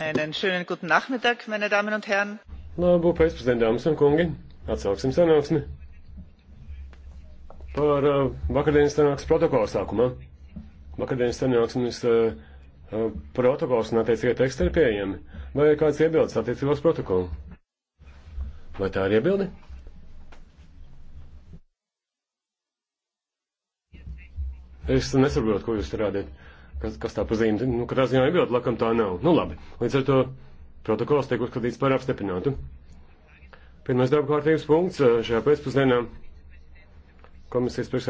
Einen schönen guten Nachmittag, meine Damen und Herren. Labu pēcpusdienu, dāmas un kungi. Atsauksim sanāksmi. Par uh, vakardienas sanāksmes protokolu sākumā. Vakardienas sanāksmes uh, uh, protokols un attiecīgie teksti ir pieejami. Vai ir kāds iebildes attiecībos protokolu? Vai tā ir iebildi? Es nesaprotu, ko jūs rādiet kas, kas tā pazīme, nu, katrā ziņā iebildu, lakam tā nav. Nu, labi, līdz ar to protokols tiek uzskatīts par apstiprinātu. Pirmais darba kārtības punkts eh, šajā pēcpusdienā komisijas priekšsēdētājā.